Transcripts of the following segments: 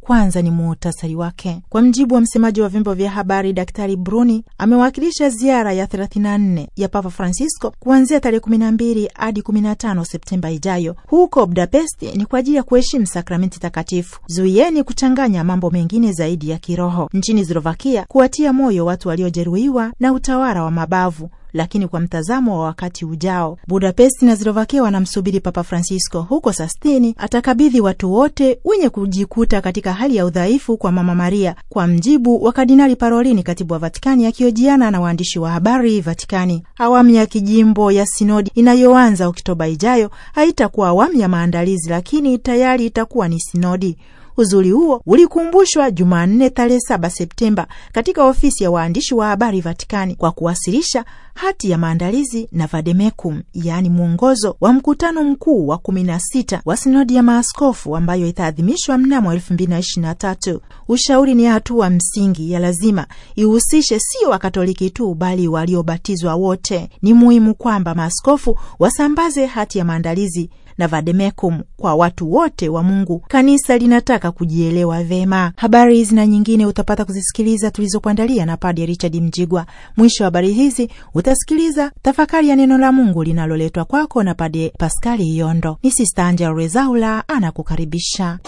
kwanza ni muhtasari wake. Kwa mjibu wa msemaji wa vyombo vya habari, Daktari Bruni amewakilisha ziara ya 34 ya Papa Francisco kuanzia tarehe 12 hadi 15 Septemba ijayo huko Budapesti ni kwa ajili ya kuheshimu sakramenti takatifu, zuieni kuchanganya mambo mengine zaidi ya kiroho, nchini Slovakia, kuwatia moyo watu waliojeruhiwa na utawala wa mabavu lakini kwa mtazamo wa wakati ujao. Budapesti na Slovakia wanamsubiri Papa Francisco. Huko Sastini atakabidhi watu wote wenye kujikuta katika hali ya udhaifu kwa Mama Maria, kwa mjibu wa Kardinali Parolini, katibu wa Vatikani, akiojiana na waandishi wa habari Vatikani. Awamu ya kijimbo ya sinodi inayoanza Oktoba ijayo haitakuwa awamu ya maandalizi, lakini tayari itakuwa ni sinodi. Uzuri huo ulikumbushwa Jumanne tarehe 7 Septemba katika ofisi ya waandishi wa habari Vatikani kwa kuwasilisha hati ya maandalizi na vademecum, yaani mwongozo wa mkutano mkuu wa 16 wa sinodi ya maaskofu ambayo itaadhimishwa mnamo 2023. Ushauri ni hatua msingi ya lazima ihusishe sio Wakatoliki tu bali waliobatizwa wote. Ni muhimu kwamba maaskofu wasambaze hati ya maandalizi na vademekum kwa watu wote wa Mungu. Kanisa linataka kujielewa vema. Habari hizi na nyingine utapata kuzisikiliza tulizokuandalia na Padre Richard Mjigwa. Mwisho wa habari hizi utasikiliza tafakari ya neno la Mungu linaloletwa kwako na Padre Paskali Yondo. Ni Sista Angela Rezaula anakukaribisha.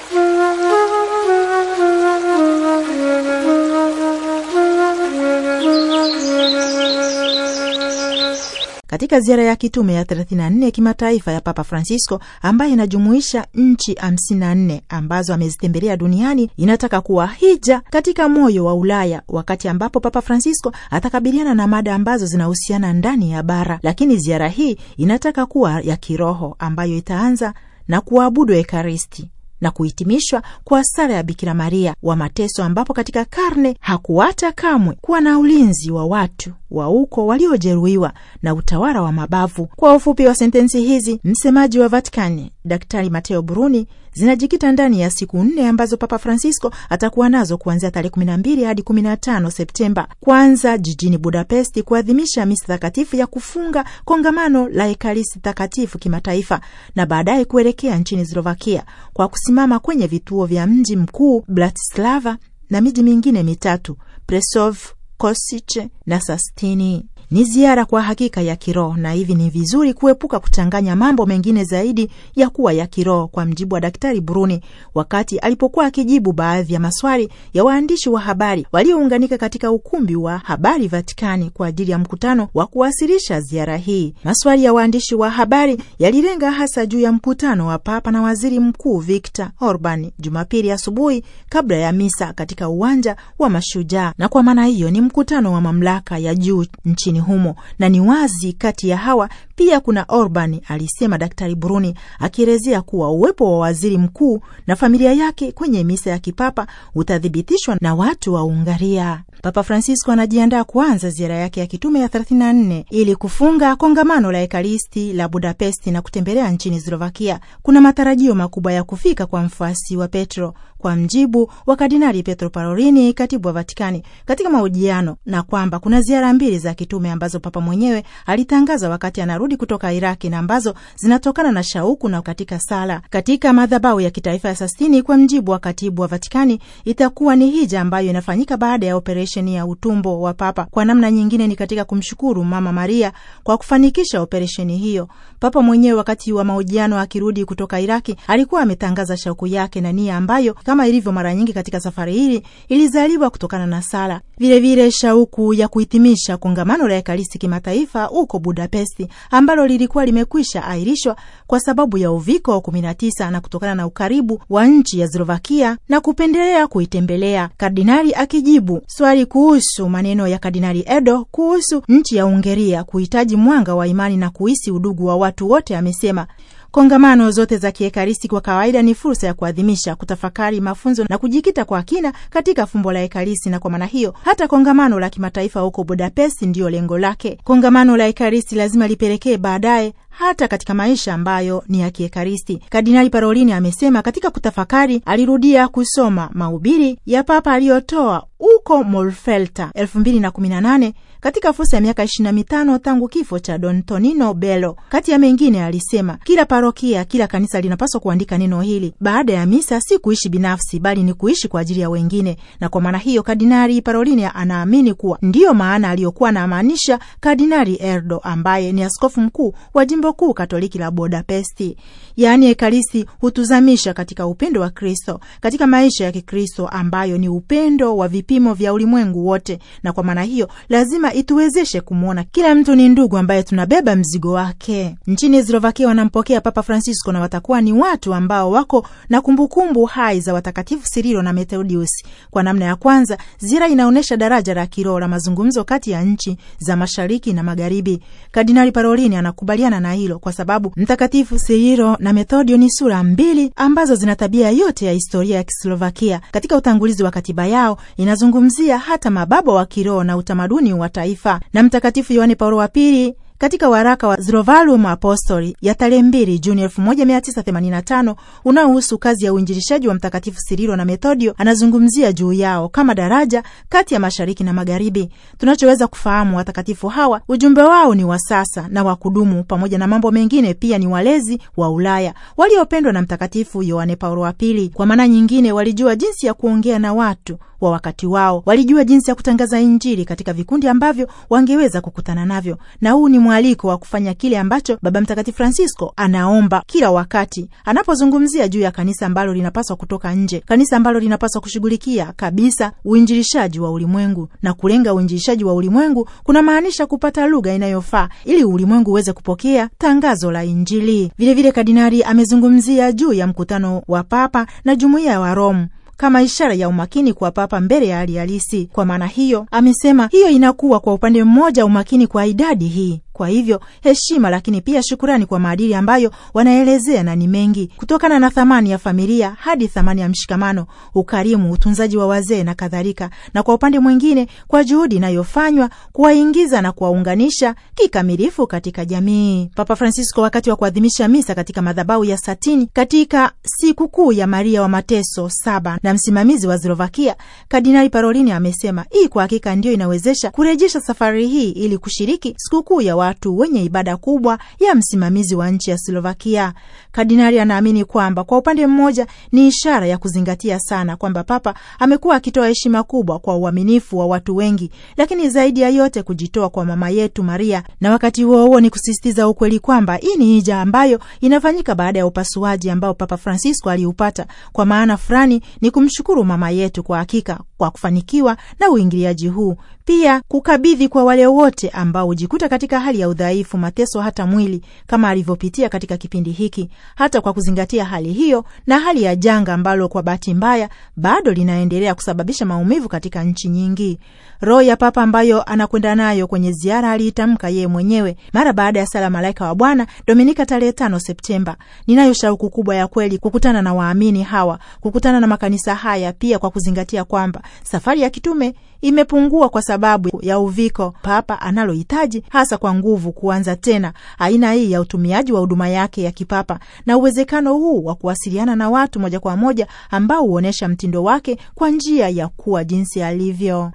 katika ziara ya kitume ya 34 ya kimataifa ya Papa Francisco ambayo inajumuisha nchi 54 ambazo amezitembelea duniani, inataka kuwa hija katika moyo wa Ulaya, wakati ambapo Papa Francisco atakabiliana na mada ambazo zinahusiana ndani ya bara, lakini ziara hii inataka kuwa ya kiroho ambayo itaanza na kuabudu Ekaristi na kuhitimishwa kwa sala ya Bikira Maria wa mateso, ambapo katika karne hakuwata kamwe kuwa na ulinzi wa watu wa uko waliojeruhiwa na utawala wa mabavu. Kwa ufupi wa sentensi hizi, msemaji wa Vatikani Daktari Mateo Bruni zinajikita ndani ya siku nne ambazo Papa Francisco atakuwa nazo kuanzia tarehe 12 hadi 15 Septemba, kwanza jijini Budapesti kuadhimisha misa takatifu ya kufunga kongamano la Ekaristi Takatifu kimataifa na baadaye kuelekea nchini Slovakia kwa kusimama kwenye vituo vya mji mkuu Bratislava na miji mingine mitatu Presov, Kosice na Sastini. Ni ziara kwa hakika ya kiroho, na hivi ni vizuri kuepuka kuchanganya mambo mengine zaidi ya kuwa ya kiroho, kwa mjibu wa Daktari Bruni wakati alipokuwa akijibu baadhi ya maswali ya waandishi wa habari waliounganika katika ukumbi wa habari Vatikani kwa ajili ya mkutano wa kuwasilisha ziara hii. Maswali ya waandishi wa habari yalilenga hasa juu ya mkutano wa Papa na Waziri Mkuu Viktor Orban Jumapili asubuhi kabla ya misa katika uwanja wa Mashujaa, na kwa maana hiyo ni mkutano wa mamlaka ya juu nchini humo, na ni wazi kati ya hawa pia kuna Orban, alisema Daktari Bruni akielezea kuwa uwepo wa waziri mkuu na familia yake kwenye misa ya kipapa utathibitishwa na watu wa Ungaria. Papa Francisco anajiandaa kuanza ziara yake ya kitume ya 34 ili kufunga kongamano la Ekaristi la Budapesti na kutembelea nchini Slovakia. Kuna matarajio makubwa ya kufika kwa mfuasi wa Petro kwa mjibu wa Kardinali Petro Parolini, katibu wa Vatikani, katika mahojiano, na kwamba kuna ziara mbili za kitume ambazo Papa mwenyewe alitangaza wakati anarudi kutoka Iraki na ambazo zinatokana na shauku na katika sala katika madhabahu ya kitaifa ya Sistine. Kwa mjibu wa katibu wa Vatikani, itakuwa ni hija ambayo inafanyika baada ya operesheni ya utumbo wa Papa. Kwa namna nyingine ni katika kumshukuru Mama Maria kwa kufanikisha operesheni hiyo. Papa mwenyewe wakati wa mahojiano akirudi kutoka Iraki alikuwa ametangaza shauku yake na nia ambayo kama ilivyo mara nyingi katika safari hili, ilizaliwa kutokana na sala, vilevile shauku ya kuhitimisha kongamano la Ekaristi kimataifa huko Budapesti, ambalo lilikuwa limekwisha airishwa kwa sababu ya uviko 19 na kutokana na ukaribu wa nchi ya Slovakia na kupendelea kuitembelea. Kardinali akijibu swali kuhusu maneno ya Kardinali Edo kuhusu nchi ya Ungeria kuhitaji mwanga wa imani na kuhisi udugu wa watu wote, amesema Kongamano zote za kiekaristi kwa kawaida ni fursa ya kuadhimisha, kutafakari mafunzo na kujikita kwa kina katika fumbo la Ekaristi, na kwa maana hiyo hata kongamano la kimataifa huko Budapest ndiyo lengo lake. Kongamano la Ekaristi lazima lipelekee baadaye hata katika maisha ambayo ni ya kiekaristi. Kardinali Parolini amesema katika kutafakari, alirudia kusoma mahubiri ya Papa aliyotoa huko Molfelta katika fursa ya miaka ishirini na mitano tangu kifo cha Don Tonino Belo. Kati ya mengine alisema, kila parokia, kila kanisa linapaswa kuandika neno hili baada ya misa, si kuishi binafsi, bali ni kuishi kwa ajili ya wengine. Na kwa maana hiyo Kardinari Parolini anaamini kuwa ndiyo maana aliyokuwa na maanisha Kardinari Erdo ambaye ni askofu mkuu wa jimbo kuu katoliki la Budapesti, yaani Ekaristi hutuzamisha katika upendo wa Kristo, katika maisha ya Kikristo ambayo ni upendo wa vipimo vya ulimwengu wote, na kwa maana hiyo lazima ituwezeshe kumwona kila mtu ni ndugu ambaye tunabeba mzigo wake. Nchini Slovakia wanampokea Papa Francisco na watakuwa ni watu ambao wako na kumbukumbu hai za watakatifu Sirilo na Metodiusi. Kwa namna ya kwanza, ziara inaonyesha daraja la kiroho la mazungumzo kati ya nchi za mashariki na magharibi. Kardinali Parolini anakubaliana na hilo kwa sababu mtakatifu Sirilo na Methodio ni sura mbili ambazo zina tabia yote ya historia ya Kislovakia. Katika utangulizi wa katiba yao inazungumzia hata mababa wa kiroho na utamaduni wa taifa na Mtakatifu Yohane Paulo wa Pili katika waraka wa zrovalum Apostoli ya tarehe 2 Juni 1985 unaohusu kazi ya uinjilishaji wa Mtakatifu Sirilo na Methodio, anazungumzia juu yao kama daraja kati ya mashariki na magharibi. Tunachoweza kufahamu watakatifu hawa, ujumbe wao ni wa sasa na wa kudumu, pamoja na mambo mengine. Pia ni walezi wa Ulaya waliopendwa na Mtakatifu Yohane Paulo wa Pili. Kwa maana nyingine, walijua jinsi ya kuongea na watu wa wakati wao, walijua jinsi ya kutangaza Injili katika vikundi ambavyo wangeweza kukutana navyo, na huu ni mwaliko wa kufanya kile ambacho Baba Mtakatifu Francisco anaomba kila wakati anapozungumzia juu ya kanisa ambalo linapaswa kutoka nje, kanisa ambalo linapaswa kushughulikia kabisa uinjilishaji wa ulimwengu. Na kulenga uinjilishaji wa ulimwengu kuna maanisha kupata lugha inayofaa ili ulimwengu uweze kupokea tangazo la Injili. Vilevile, kardinali amezungumzia juu ya mkutano wa Papa na jumuiya wa Rome kama ishara ya umakini kwa Papa mbele ya hali halisi. Kwa maana hiyo, amesema hiyo inakuwa kwa upande mmoja umakini kwa idadi hii kwa hivyo heshima, lakini pia shukurani kwa maadili ambayo wanaelezea na ni mengi, kutokana na thamani ya familia hadi thamani ya mshikamano, ukarimu, utunzaji wa wazee na kadhalika, na kwa upande mwingine, kwa juhudi inayofanywa kuwaingiza na kuwaunganisha kikamilifu katika jamii. Papa Francisco, wakati wa kuadhimisha misa katika madhabahu ya Satini katika sikukuu ya Maria wa Mateso saba na msimamizi wa Slovakia Kardinali Parolini, amesema hii kwa hakika ndiyo inawezesha kurejesha safari hii ili kushiriki sikukuu ya watu wenye ibada kubwa ya msimamizi wa nchi ya Slovakia. Kardinali anaamini kwamba kwa upande mmoja ni ishara ya kuzingatia sana kwamba Papa amekuwa akitoa heshima kubwa kwa uaminifu wa watu wengi, lakini zaidi ya yote kujitoa kwa mama yetu Maria, na wakati huo huo ni kusisitiza ukweli kwamba hii ni hija ambayo inafanyika baada ya upasuaji ambao Papa Francisco aliupata. Kwa maana fulani ni kumshukuru mama yetu kwa hakika kwa kufanikiwa na uingiliaji huu pia kukabidhi kwa wale wote ambao hujikuta katika hali ya udhaifu, mateso, hata mwili kama alivyopitia katika kipindi hiki. Hata kwa kuzingatia hali hiyo na hali ya janga ambalo kwa bahati mbaya bado linaendelea kusababisha maumivu katika nchi nyingi, roho ya Papa ambayo anakwenda nayo kwenye ziara, aliitamka yeye mwenyewe mara baada ya sala malaika wa Bwana Dominika tarehe tano Septemba: ninayo shauku kubwa ya kweli kukutana na waamini hawa, kukutana na makanisa haya, pia kwa kuzingatia kwamba safari ya kitume imepungua kwa sababu ya uviko papa analohitaji hasa kwa nguvu kuanza tena aina hii ya utumiaji wa huduma yake ya kipapa, na uwezekano huu wa kuwasiliana na watu moja kwa moja ambao huonyesha mtindo wake kwa njia ya kuwa jinsi alivyo.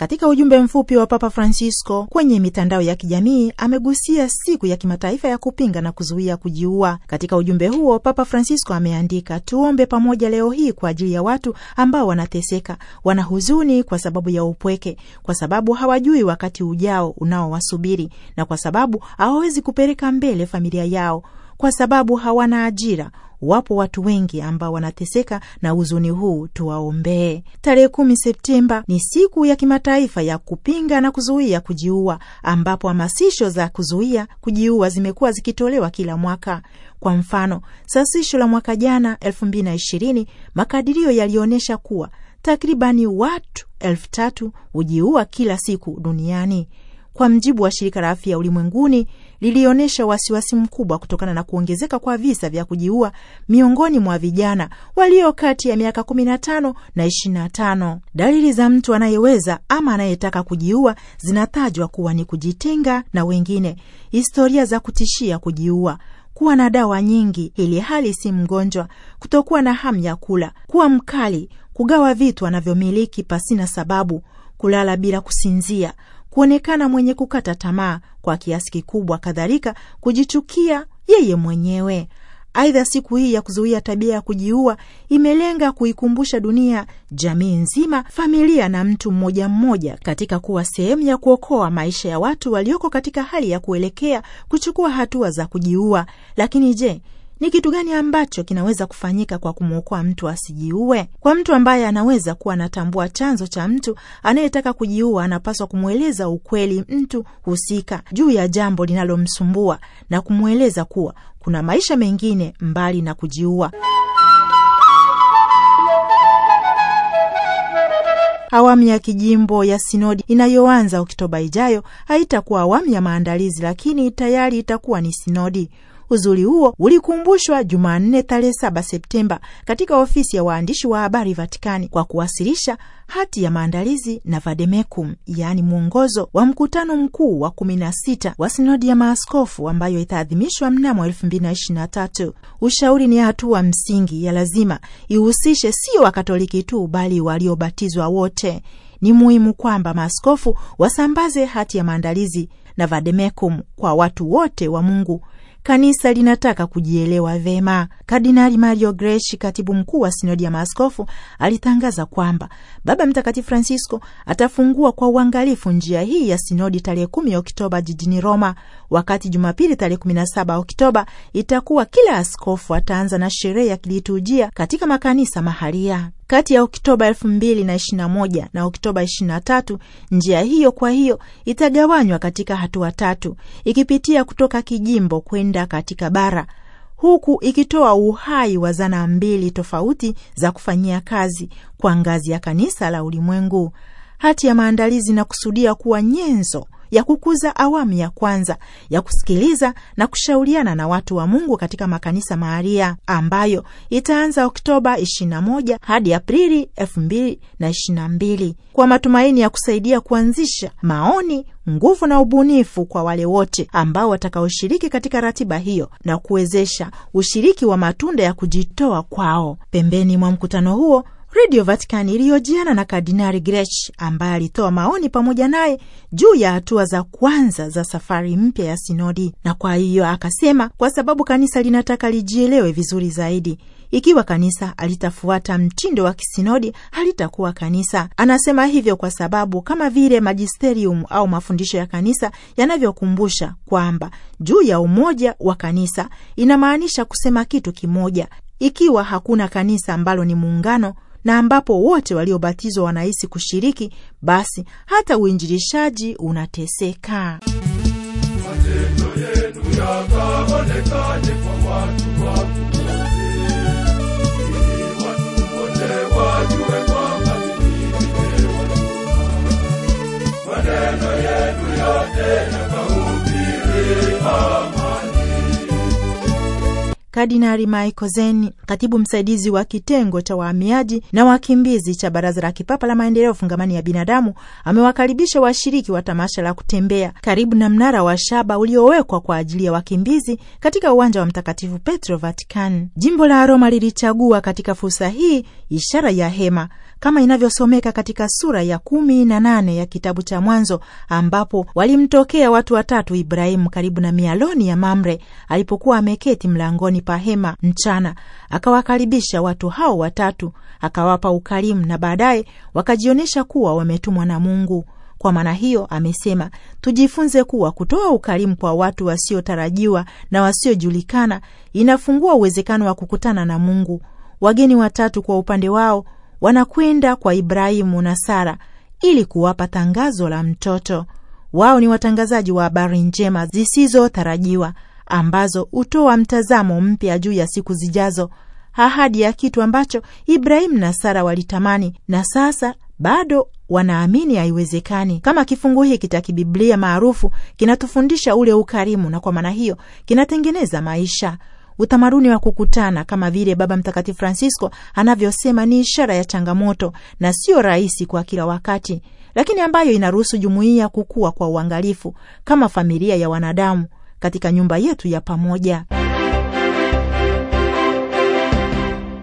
Katika ujumbe mfupi wa Papa Francisco kwenye mitandao ya kijamii amegusia siku ya kimataifa ya kupinga na kuzuia kujiua. Katika ujumbe huo, Papa Francisco ameandika, tuombe pamoja leo hii kwa ajili ya watu ambao wanateseka, wana huzuni kwa sababu ya upweke, kwa sababu hawajui wakati ujao unaowasubiri na kwa sababu hawawezi kupeleka mbele familia yao, kwa sababu hawana ajira Wapo watu wengi ambao wanateseka na huzuni huu, tuwaombee. Tarehe kumi Septemba ni siku ya kimataifa ya kupinga na kuzuia kujiua, ambapo hamasisho za kuzuia kujiua zimekuwa zikitolewa kila mwaka. Kwa mfano, sasisho la mwaka jana 2020 makadirio yalionyesha kuwa takribani watu elfu tatu hujiua kila siku duniani kwa mjibu wa shirika la afya ulimwenguni, lilionyesha wasiwasi mkubwa kutokana na kuongezeka kwa visa vya kujiua miongoni mwa vijana walio kati ya miaka 15 na 25. Dalili za mtu anayeweza ama anayetaka kujiua zinatajwa kuwa ni kujitenga na wengine, historia za kutishia kujiua kuwa na dawa nyingi ili hali si mgonjwa, kutokuwa na hamu ya kula, kuwa mkali, kugawa vitu anavyomiliki pasina sababu, kulala bila kusinzia, kuonekana mwenye kukata tamaa kwa kiasi kikubwa, kadhalika kujichukia yeye mwenyewe. Aidha, siku hii ya kuzuia tabia ya kujiua imelenga kuikumbusha dunia, jamii nzima, familia na mtu mmoja mmoja katika kuwa sehemu ya kuokoa maisha ya watu walioko katika hali ya kuelekea kuchukua hatua za kujiua. Lakini je, ni kitu gani ambacho kinaweza kufanyika kwa kumwokoa mtu asijiue? Kwa mtu ambaye anaweza kuwa anatambua chanzo cha mtu anayetaka kujiua, anapaswa kumweleza ukweli mtu husika juu ya jambo linalomsumbua na kumweleza kuwa kuna maisha mengine mbali na kujiua. Awamu ya kijimbo ya sinodi inayoanza Oktoba ijayo haitakuwa awamu ya maandalizi, lakini tayari itakuwa ni sinodi. Uzuri huo ulikumbushwa Jumanne tarehe 7 Septemba katika ofisi ya waandishi wa habari Vatikani kwa kuwasilisha hati ya maandalizi na vademecum, yaani mwongozo wa mkutano mkuu wa kumi na sita wa sinodi ya maaskofu ambayo itaadhimishwa mnamo 2023. Ushauri ni hatua msingi ya lazima ihusishe sio Wakatoliki tu bali waliobatizwa wote. Ni muhimu kwamba maaskofu wasambaze hati ya maandalizi na vademecum kwa watu wote wa Mungu kanisa linataka kujielewa vema. Kardinali Mario Grechi, katibu mkuu wa sinodi ya maaskofu, alitangaza kwamba Baba Mtakatifu Francisco atafungua kwa uangalifu njia hii ya sinodi tarehe 10 Oktoba jijini Roma, wakati Jumapili tarehe 17 Oktoba itakuwa kila askofu ataanza na sherehe ya kiliturujia katika makanisa mahalia kati ya Oktoba elfu na na Oktoba 23. Njia hiyo kwa hiyo itagawanywa katika hatua tatu, ikipitia kutoka kijimbo kwenda katika bara, huku ikitoa uhai wa zana mbili tofauti za kufanyia kazi kwa ngazi ya kanisa la ulimwengu. Hati ya maandalizi inakusudia kuwa nyenzo ya kukuza awamu ya kwanza ya kusikiliza na kushauriana na watu wa Mungu katika makanisa maharia ambayo itaanza Oktoba 21 hadi Aprili 2022 kwa matumaini ya kusaidia kuanzisha maoni nguvu na ubunifu kwa wale wote ambao watakaoshiriki katika ratiba hiyo na kuwezesha ushiriki wa matunda ya kujitoa kwao. Pembeni mwa mkutano huo Redio Vatican iliyojiana na Kardinali Grech ambaye alitoa maoni pamoja naye juu ya hatua za kwanza za safari mpya ya sinodi, na kwa hiyo akasema, kwa sababu kanisa linataka lijielewe vizuri zaidi. Ikiwa kanisa alitafuata mtindo wa kisinodi halitakuwa kanisa. Anasema hivyo kwa sababu kama vile magisterium au mafundisho ya kanisa yanavyokumbusha kwamba juu ya umoja wa kanisa, inamaanisha kusema kitu kimoja. Ikiwa hakuna kanisa ambalo ni muungano na ambapo wote waliobatizwa wanahisi kushiriki, basi hata uinjilishaji unateseka. Matendo yetu Kardinali Michael Zeni, katibu msaidizi wa kitengo cha wahamiaji na wakimbizi cha Baraza la Kipapa la Maendeleo Fungamani ya Binadamu, amewakaribisha washiriki wa tamasha la kutembea karibu na mnara wa shaba uliowekwa kwa ajili ya wakimbizi katika uwanja wa Mtakatifu Petro, vatican Jimbo la Roma lilichagua katika fursa hii ishara ya hema kama inavyosomeka katika sura ya kumi na nane ya kitabu cha Mwanzo, ambapo walimtokea watu watatu Ibrahimu karibu na mialoni ya Mamre alipokuwa ameketi mlangoni pa hema mchana. Akawakaribisha watu hao watatu, akawapa ukarimu, na baadaye wakajionyesha kuwa wametumwa na Mungu. Kwa maana hiyo amesema tujifunze kuwa kutoa ukarimu kwa watu wasiotarajiwa na wasiojulikana inafungua uwezekano wa kukutana na Mungu. Wageni watatu kwa upande wao wanakwenda kwa Ibrahimu na Sara ili kuwapa tangazo la mtoto. Wao ni watangazaji wa habari njema zisizotarajiwa ambazo hutoa mtazamo mpya juu ya siku zijazo, ahadi ya kitu ambacho Ibrahimu na Sara walitamani na sasa bado wanaamini haiwezekani. Kama kifungu hiki cha kibiblia maarufu kinatufundisha ule ukarimu, na kwa maana hiyo kinatengeneza maisha Utamaduni wa kukutana kama vile Baba Mtakatifu Francisco anavyosema ni ishara ya changamoto na sio rahisi kwa kila wakati, lakini ambayo inaruhusu jumuiya kukua kwa uangalifu kama familia ya wanadamu katika nyumba yetu ya pamoja.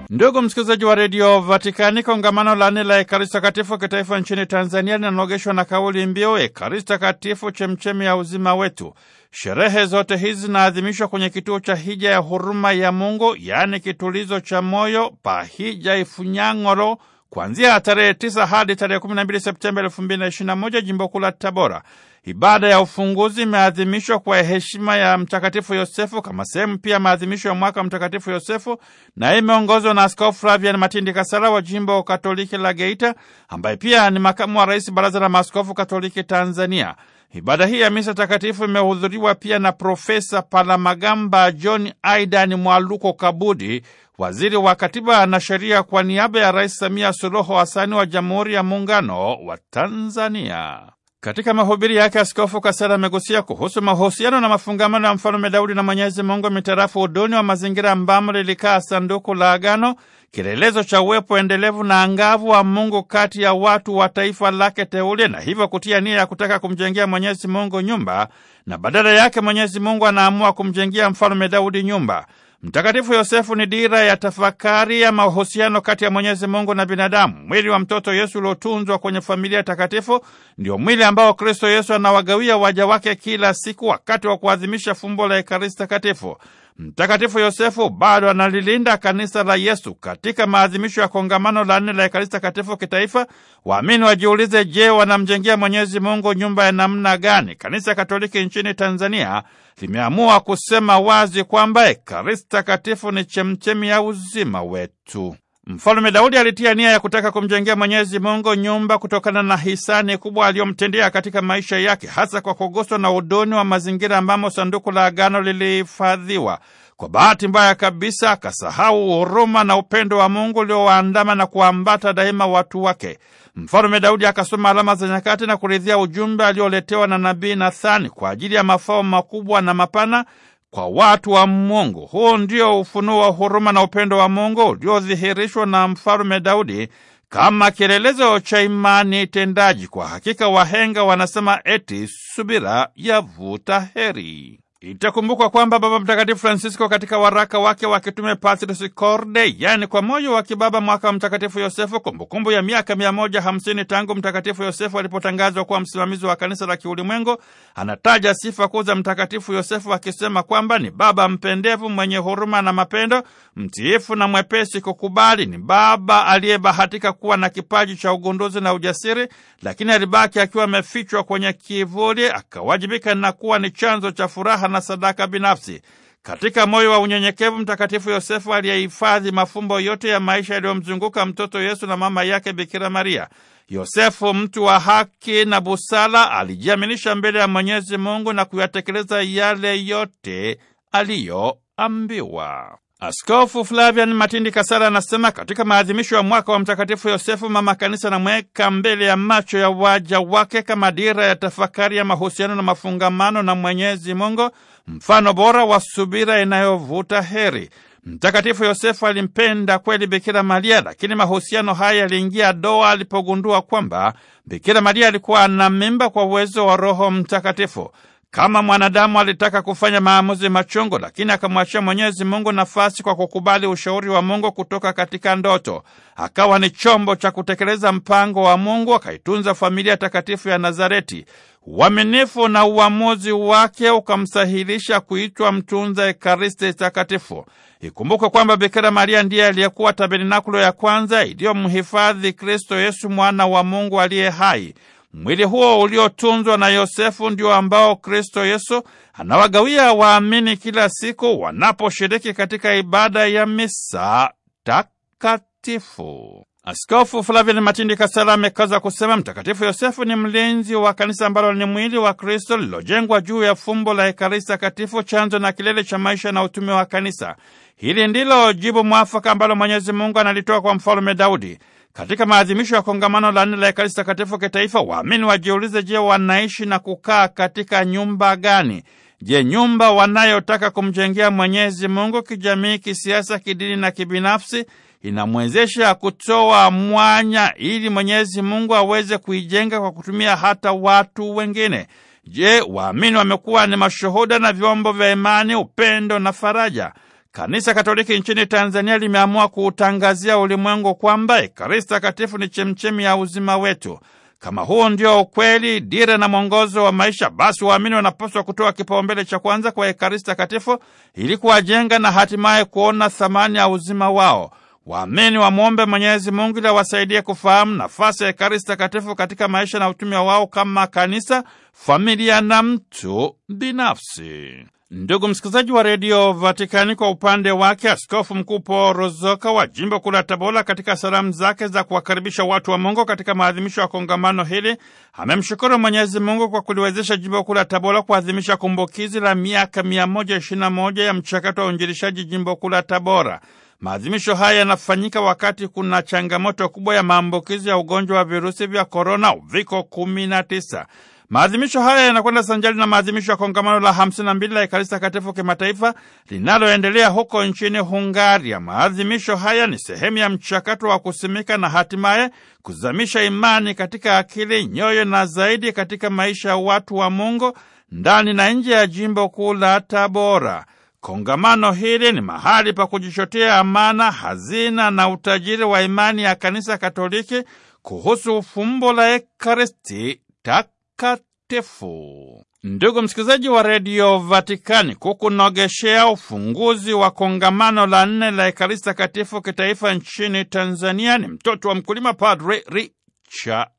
Ndugu msikilizaji wa redio Vatikani, kongamano la nne la Ekaristi Takatifu kitaifa nchini Tanzania linanogeshwa na kauli mbiu Ekaristi Takatifu, chemchemi ya uzima wetu. Sherehe zote hizi zinaadhimishwa kwenye kituo cha hija ya huruma ya Mungu, yaani kitulizo cha moyo pa hija Ifunyang'oro kuanzia tarehe tisa hadi tarehe kumi na mbili Septemba elfu mbili na moja jimbo kuu la Tabora. Ibada ya ufunguzi imeadhimishwa kwa heshima ya Mtakatifu Yosefu kama sehemu pia maadhimisho ya mwaka Mtakatifu Yosefu, na imeongozwa na Askofu Flavian Matindi Kasala wa jimbo Katoliki la Geita, ambaye pia ni makamu wa rais Baraza la Maaskofu Katoliki Tanzania. Ibada hii ya misa takatifu imehudhuriwa pia na Profesa Palamagamba John Aidan Mwaluko Kabudi, waziri wa katiba na sheria, kwa niaba ya Rais Samia Suluhu Hasani wa Jamhuri ya Muungano wa Tanzania. Katika mahubiri yake Askofu Kasera amegusia kuhusu mahusiano na mafungamano ya Mfalume Daudi na Mwenyezi Mungu mitarafu uduni wa mazingira ambamo lilikaa sanduku la agano kilelezo cha uwepo endelevu na angavu wa Mungu kati ya watu wa taifa lake teule, na hivyo kutia nia ya kutaka kumjengea Mwenyezi Mungu nyumba, na badala yake Mwenyezi Mungu anaamua kumjengea Mfalme Daudi nyumba. Mtakatifu Yosefu ni dira ya tafakari ya mahusiano kati ya Mwenyezi Mungu na binadamu. Mwili wa mtoto Yesu uliotunzwa kwenye familia takatifu ndio mwili ambao Kristo Yesu anawagawia waja wake kila siku wakati wa kuadhimisha fumbo la Ekaristi takatifu. Mtakatifu Yosefu bado analilinda kanisa la Yesu. Katika maadhimisho ya kongamano la nne la Ekaristi Takatifu kitaifa, waamini wajiulize, je, wanamjengea Mwenyezi Mungu nyumba ya namna gani? Kanisa Katoliki nchini Tanzania limeamua kusema wazi kwamba Ekaristi Takatifu ni chemchemi ya uzima wetu. Mfalume Daudi alitia nia ya kutaka kumjengea Mwenyezi Mungu nyumba kutokana na hisani kubwa aliyomtendea katika maisha yake, hasa kwa kuguswa na uduni wa mazingira ambamo sanduku la agano lilihifadhiwa. Kwa bahati mbaya kabisa, akasahau huruma na upendo wa Mungu uliowaandama na kuambata daima watu wake. Mfalume Daudi akasoma alama za nyakati na kuridhia ujumbe alioletewa na nabii Nathani kwa ajili ya mafao makubwa na mapana kwa watu wa Mungu. Huu ndio ufunuo wa huruma na upendo wa Mungu uliodhihirishwa na Mfalume Daudi kama kielelezo cha imani tendaji. Kwa hakika wahenga wanasema eti subira yavuta heri. Itakumbukwa kwamba Baba Mtakatifu Francisco katika waraka wake wa kitume Patris Corde, yaani kwa moyo wa kibaba, mwaka wa Mtakatifu Yosefu, kumbukumbu ya miaka mia moja hamsini tangu Mtakatifu Yosefu alipotangazwa kuwa msimamizi wa kanisa la kiulimwengu, anataja sifa kuu za Mtakatifu Yosefu akisema kwamba ni baba mpendevu, mwenye huruma na mapendo, mtiifu na mwepesi kukubali. Ni baba aliyebahatika kuwa na kipaji cha ugunduzi na ujasiri, lakini alibaki akiwa amefichwa kwenye kivuli, akawajibika na kuwa ni chanzo cha furaha na na sadaka binafsi. Katika moyo wa unyenyekevu, Mtakatifu Yosefu aliyehifadhi mafumbo yote ya maisha yaliyomzunguka mtoto Yesu na mama yake Bikira Maria. Yosefu, mtu wa haki na busara, alijiaminisha mbele ya Mwenyezi Mungu na kuyatekeleza yale yote aliyoambiwa. Askofu Flavian Matindi kasara anasema katika maadhimisho ya mwaka wa Mtakatifu Yosefu, mama kanisa anamweka mbele ya macho ya waja wake kama dira ya tafakari ya mahusiano na mafungamano na Mwenyezi Mungu, mfano bora wa subira inayovuta heri. Mtakatifu Yosefu alimpenda kweli Bikira Maria, lakini mahusiano haya yaliingia doa alipogundua kwamba Bikira Maria alikuwa ana mimba kwa uwezo wa Roho Mtakatifu. Kama mwanadamu alitaka kufanya maamuzi machungu, lakini akamwachia Mwenyezi Mungu nafasi kwa kukubali ushauri wa Mungu kutoka katika ndoto. Akawa ni chombo cha kutekeleza mpango wa Mungu, akaitunza familia takatifu ya Nazareti. Uaminifu na uamuzi wake ukamsahilisha kuitwa mtunza Ekaristi Takatifu. Ikumbukwe kwamba Bikira Maria ndiye aliyekuwa tabernakulo ya kwanza iliyomhifadhi Kristo Yesu, mwana wa Mungu aliye hai. Mwili huo uliotunzwa na Yosefu ndio ambao Kristo Yesu anawagawia waamini kila siku wanaposhiriki katika ibada ya misa takatifu. Askofu Flavian Matindi Kasala amekaza kusema Mtakatifu Yosefu ni mlinzi wa kanisa ambalo ni mwili wa Kristo lilojengwa juu ya fumbo la Ekaristi Takatifu, chanzo na kilele cha maisha na utume wa kanisa. Hili ndilo jibu mwafaka ambalo Mwenyezi Mungu analitoa kwa Mfalume Daudi. Katika maadhimisho ya kongamano la nne la Ekaristi Takatifu kitaifa, waamini wajiulize, je, wanaishi na kukaa katika nyumba gani? Je, nyumba wanayotaka kumjengea Mwenyezi Mungu kijamii, kisiasa, kidini na kibinafsi inamwezesha kutoa mwanya ili Mwenyezi Mungu aweze kuijenga kwa kutumia hata watu wengine? Je, waamini wamekuwa ni mashuhuda na vyombo vya imani, upendo na faraja? Kanisa Katoliki nchini Tanzania limeamua kuutangazia ulimwengu kwamba Ekaristi Takatifu ni chemchemi ya uzima wetu. Kama huo ndio ukweli, dira na mwongozo wa maisha, basi waamini wanapaswa kutoa kipaumbele cha kwanza kwa Ekaristi Takatifu ili kuwajenga na hatimaye kuona thamani ya uzima wao. Waamini wamwombe Mwenyezi Mungu ili awasaidie kufahamu nafasi ya Ekaristi Takatifu katika maisha na utumia wao kama kanisa, familia na mtu binafsi. Ndugu msikilizaji wa redio Vatikani, kwa upande wake Askofu Mkuu Paul Rozoka wa jimbo kuu la Tabora, katika salamu zake za kuwakaribisha watu wa Mungu katika maadhimisho ya kongamano hili, amemshukuru Mwenyezi Mungu kwa kuliwezesha jimbo kuu la Tabora kuadhimisha kumbukizi la miaka 121 ya mchakato wa uinjilishaji jimbo kuu la Tabora. Maadhimisho haya yanafanyika wakati kuna changamoto kubwa ya maambukizi ya ugonjwa wa virusi vya korona, uviko 19. Maadhimisho haya yanakwenda sanjali na maadhimisho ya kongamano la 52 la Ekaristi Takatifu kimataifa linaloendelea huko nchini Hungaria. Maadhimisho haya ni sehemu ya mchakato wa kusimika na hatimaye kuzamisha imani katika akili, nyoyo na zaidi katika maisha ya watu wa Mungu ndani na nje ya jimbo kuu la Tabora. Kongamano hili ni mahali pa kujichotea amana, hazina na utajiri wa imani ya Kanisa Katoliki kuhusu fumbo la Ekaristi tak Mtakatifu. Ndugu msikilizaji wa redio Vatikani, kukunogeshea ufunguzi wa kongamano la nne la ekaristi takatifu kitaifa nchini Tanzania ni mtoto wa mkulima Padre Richard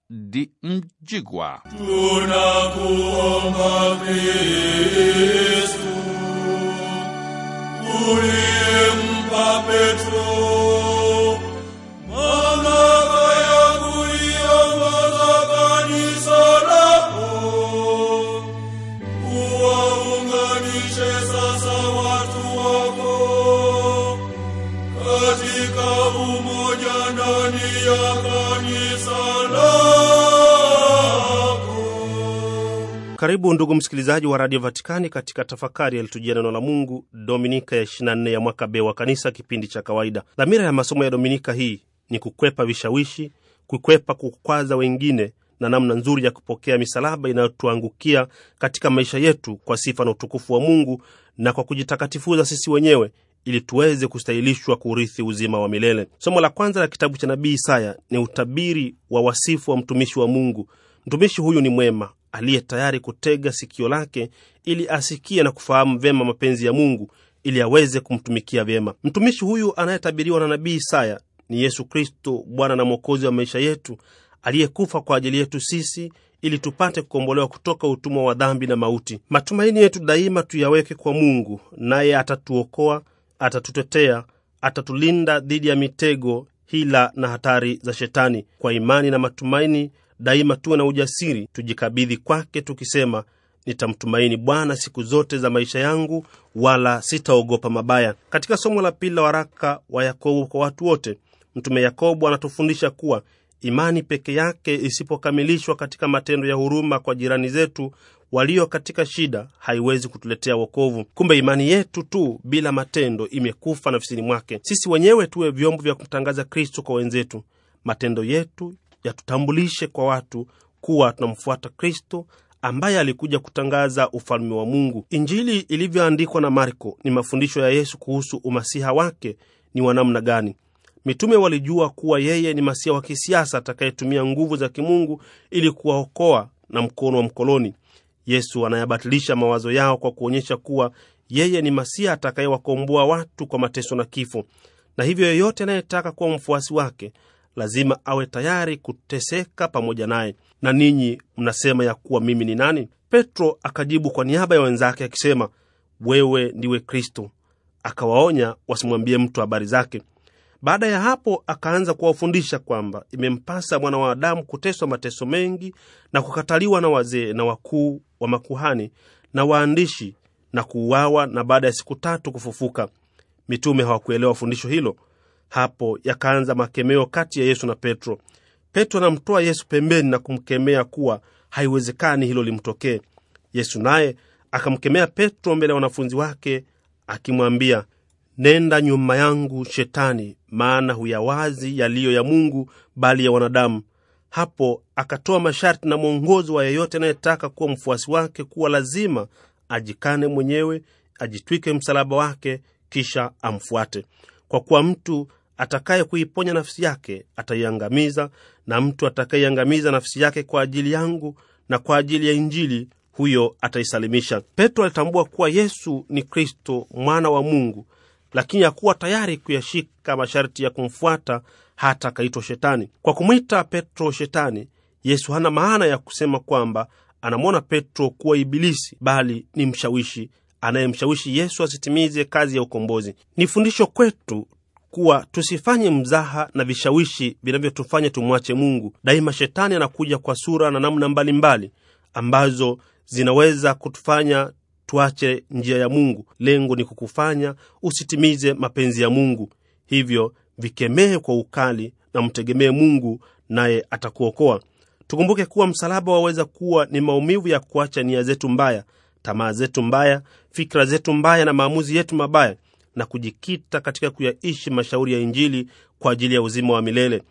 Mjigwa. Tunakuomba Kristu uliyempa Petro Karibu ndugu msikilizaji wa Radio Vatikani katika tafakari yalitujia neno la Mungu, Dominika ya 24 ya mwaka be wa Kanisa, kipindi cha kawaida. Dhamira ya masomo ya Dominika hii ni kukwepa vishawishi, kukwepa kukwaza wengine na namna nzuri ya kupokea misalaba inayotuangukia katika maisha yetu kwa sifa na utukufu wa Mungu na kwa kujitakatifuza sisi wenyewe ili tuweze kustahilishwa kurithi uzima wa milele. Somo la kwanza la kitabu cha nabii Isaya ni utabiri wa wasifu wa mtumishi wa Mungu. Mtumishi huyu ni mwema, aliye tayari kutega sikio lake ili asikie na kufahamu vyema mapenzi ya Mungu ili aweze kumtumikia vyema. Mtumishi huyu anayetabiriwa na nabii Isaya ni Yesu Kristo, Bwana na Mwokozi wa maisha yetu, aliyekufa kwa ajili yetu sisi ili tupate kukombolewa kutoka utumwa wa dhambi na mauti. Matumaini yetu daima tuyaweke kwa Mungu, naye atatuokoa, atatutetea, atatulinda dhidi ya mitego, hila na hatari za Shetani. Kwa imani na matumaini Daima tuwe na ujasiri, tujikabidhi kwake tukisema, nitamtumaini Bwana siku zote za maisha yangu, wala sitaogopa mabaya. Katika somo la pili la waraka wa Yakobo kwa watu wote, mtume Yakobo anatufundisha kuwa imani peke yake isipokamilishwa katika matendo ya huruma kwa jirani zetu walio katika shida haiwezi kutuletea wokovu. Kumbe imani yetu tu bila matendo imekufa nafsini mwake. Sisi wenyewe tuwe vyombo vya kumtangaza Kristo kwa wenzetu. Matendo yetu yatutambulishe kwa watu kuwa tunamfuata Kristo ambaye alikuja kutangaza ufalme wa Mungu. Injili ilivyoandikwa na Marko ni mafundisho ya Yesu kuhusu umasiha wake ni wa namna gani. Mitume walijua kuwa yeye ni masiha wa kisiasa atakayetumia nguvu za kimungu ili kuwaokoa na mkono wa mkoloni. Yesu anayabatilisha mawazo yao kwa kuonyesha kuwa yeye ni masiha atakayewakomboa watu kwa mateso na kifo, na hivyo yeyote anayetaka kuwa mfuasi wake lazima awe tayari kuteseka pamoja naye. Na ninyi mnasema ya kuwa mimi ni nani? Petro akajibu kwa niaba ya wenzake akisema, wewe ndiwe Kristo. Akawaonya wasimwambie mtu habari zake. Baada ya hapo akaanza kuwafundisha kwamba imempasa mwana wa Adamu kuteswa mateso mengi na kukataliwa na wazee na wakuu wa makuhani na waandishi na kuuawa na baada ya siku tatu kufufuka. Mitume hawakuelewa fundisho hilo, hapo yakaanza makemeo kati ya Yesu na Petro. Petro anamtoa Yesu pembeni na kumkemea kuwa haiwezekani hilo limtokee. Yesu naye akamkemea Petro mbele ya wanafunzi wake akimwambia, nenda nyuma yangu Shetani, maana huyawazi yaliyo ya Mungu bali ya wanadamu. Hapo akatoa masharti na mwongozi wa yeyote anayetaka kuwa mfuasi wake kuwa lazima ajikane mwenyewe, ajitwike msalaba wake, kisha amfuate. Kwa kuwa mtu atakaye kuiponya nafsi yake ataiangamiza, na mtu atakayeiangamiza nafsi yake kwa ajili yangu na kwa ajili ya Injili, huyo ataisalimisha. Petro alitambua kuwa Yesu ni Kristo mwana wa Mungu, lakini hakuwa tayari kuyashika masharti ya kumfuata hata akaitwa Shetani. Kwa kumwita Petro Shetani, Yesu hana maana ya kusema kwamba anamwona Petro kuwa Ibilisi, bali ni mshawishi anayemshawishi Yesu asitimize kazi ya ukombozi. Ni fundisho kwetu kuwa tusifanye mzaha na vishawishi vinavyotufanya tumwache Mungu. Daima shetani anakuja kwa sura na namna mbalimbali mbali ambazo zinaweza kutufanya tuache njia ya Mungu. Lengo ni kukufanya usitimize mapenzi ya Mungu, hivyo vikemee kwa ukali na mtegemee Mungu, naye atakuokoa. Tukumbuke kuwa msalaba waweza kuwa ni maumivu ya kuacha nia zetu mbaya, tamaa zetu mbaya, fikra zetu mbaya na maamuzi yetu mabaya na kujikita katika kuyaishi mashauri ya Injili kwa ajili ya uzima wa milele.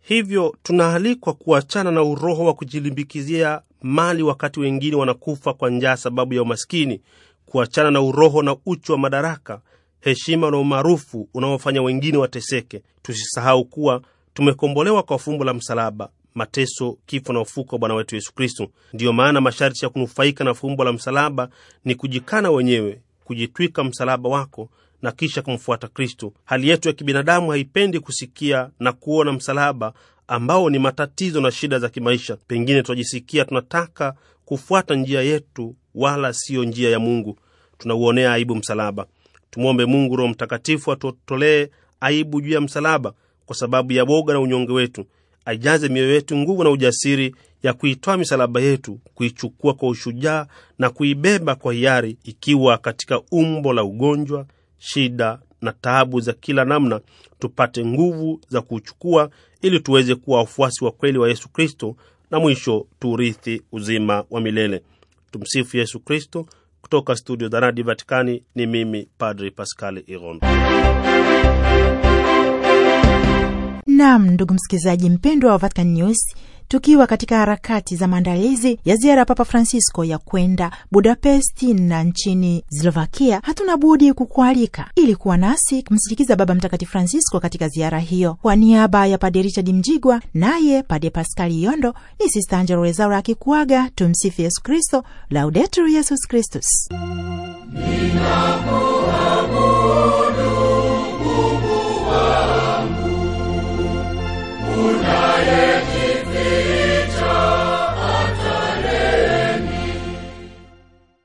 Hivyo tunaalikwa kuachana na uroho wa kujilimbikizia mali wakati wengine wanakufa kwa njaa sababu ya umaskini, kuachana na uroho na uchu wa madaraka, heshima na umaarufu unaofanya wengine wateseke. Tusisahau kuwa tumekombolewa kwa fumbo la msalaba, mateso, kifo na ufuko wa Bwana wetu Yesu Kristu. Ndiyo maana masharti ya kunufaika na fumbo la msalaba ni kujikana wenyewe, kujitwika msalaba wako na kisha kumfuata Kristo. Hali yetu ya kibinadamu haipendi kusikia na kuona msalaba ambao ni matatizo na shida za kimaisha. Pengine tunajisikia tunataka kufuata njia yetu, wala siyo njia ya Mungu. Tunauonea aibu msalaba. Tumwombe Mungu Roho Mtakatifu atuotolee aibu juu ya msalaba kwa sababu ya woga na unyonge wetu, aijaze mioyo yetu nguvu na ujasiri ya kuitoa misalaba yetu, kuichukua kwa ushujaa na kuibeba kwa hiari, ikiwa katika umbo la ugonjwa shida na taabu za kila namna, tupate nguvu za kuchukua ili tuweze kuwa wafuasi wa kweli wa Yesu Kristo na mwisho tuurithi uzima wa milele. Tumsifu Yesu Kristo. Kutoka studio za radi Vatikani ni mimi Padri Pascali Irondo. nam ndugu msikilizaji mpendwa wa Vatican News tukiwa katika harakati za maandalizi ya ziara ya Papa Francisco ya kwenda Budapesti na nchini Slovakia, hatuna budi kukualika ili kuwa nasi kumsindikiza Baba Mtakatifu Francisco katika ziara hiyo. Kwa niaba ya Pade Richard Mjigwa naye Pade Paskali Yondo, ni Sista Angelo Rezaura akikuaga. Tumsifu Yesu Kristo, Laudetur Yesus Kristus.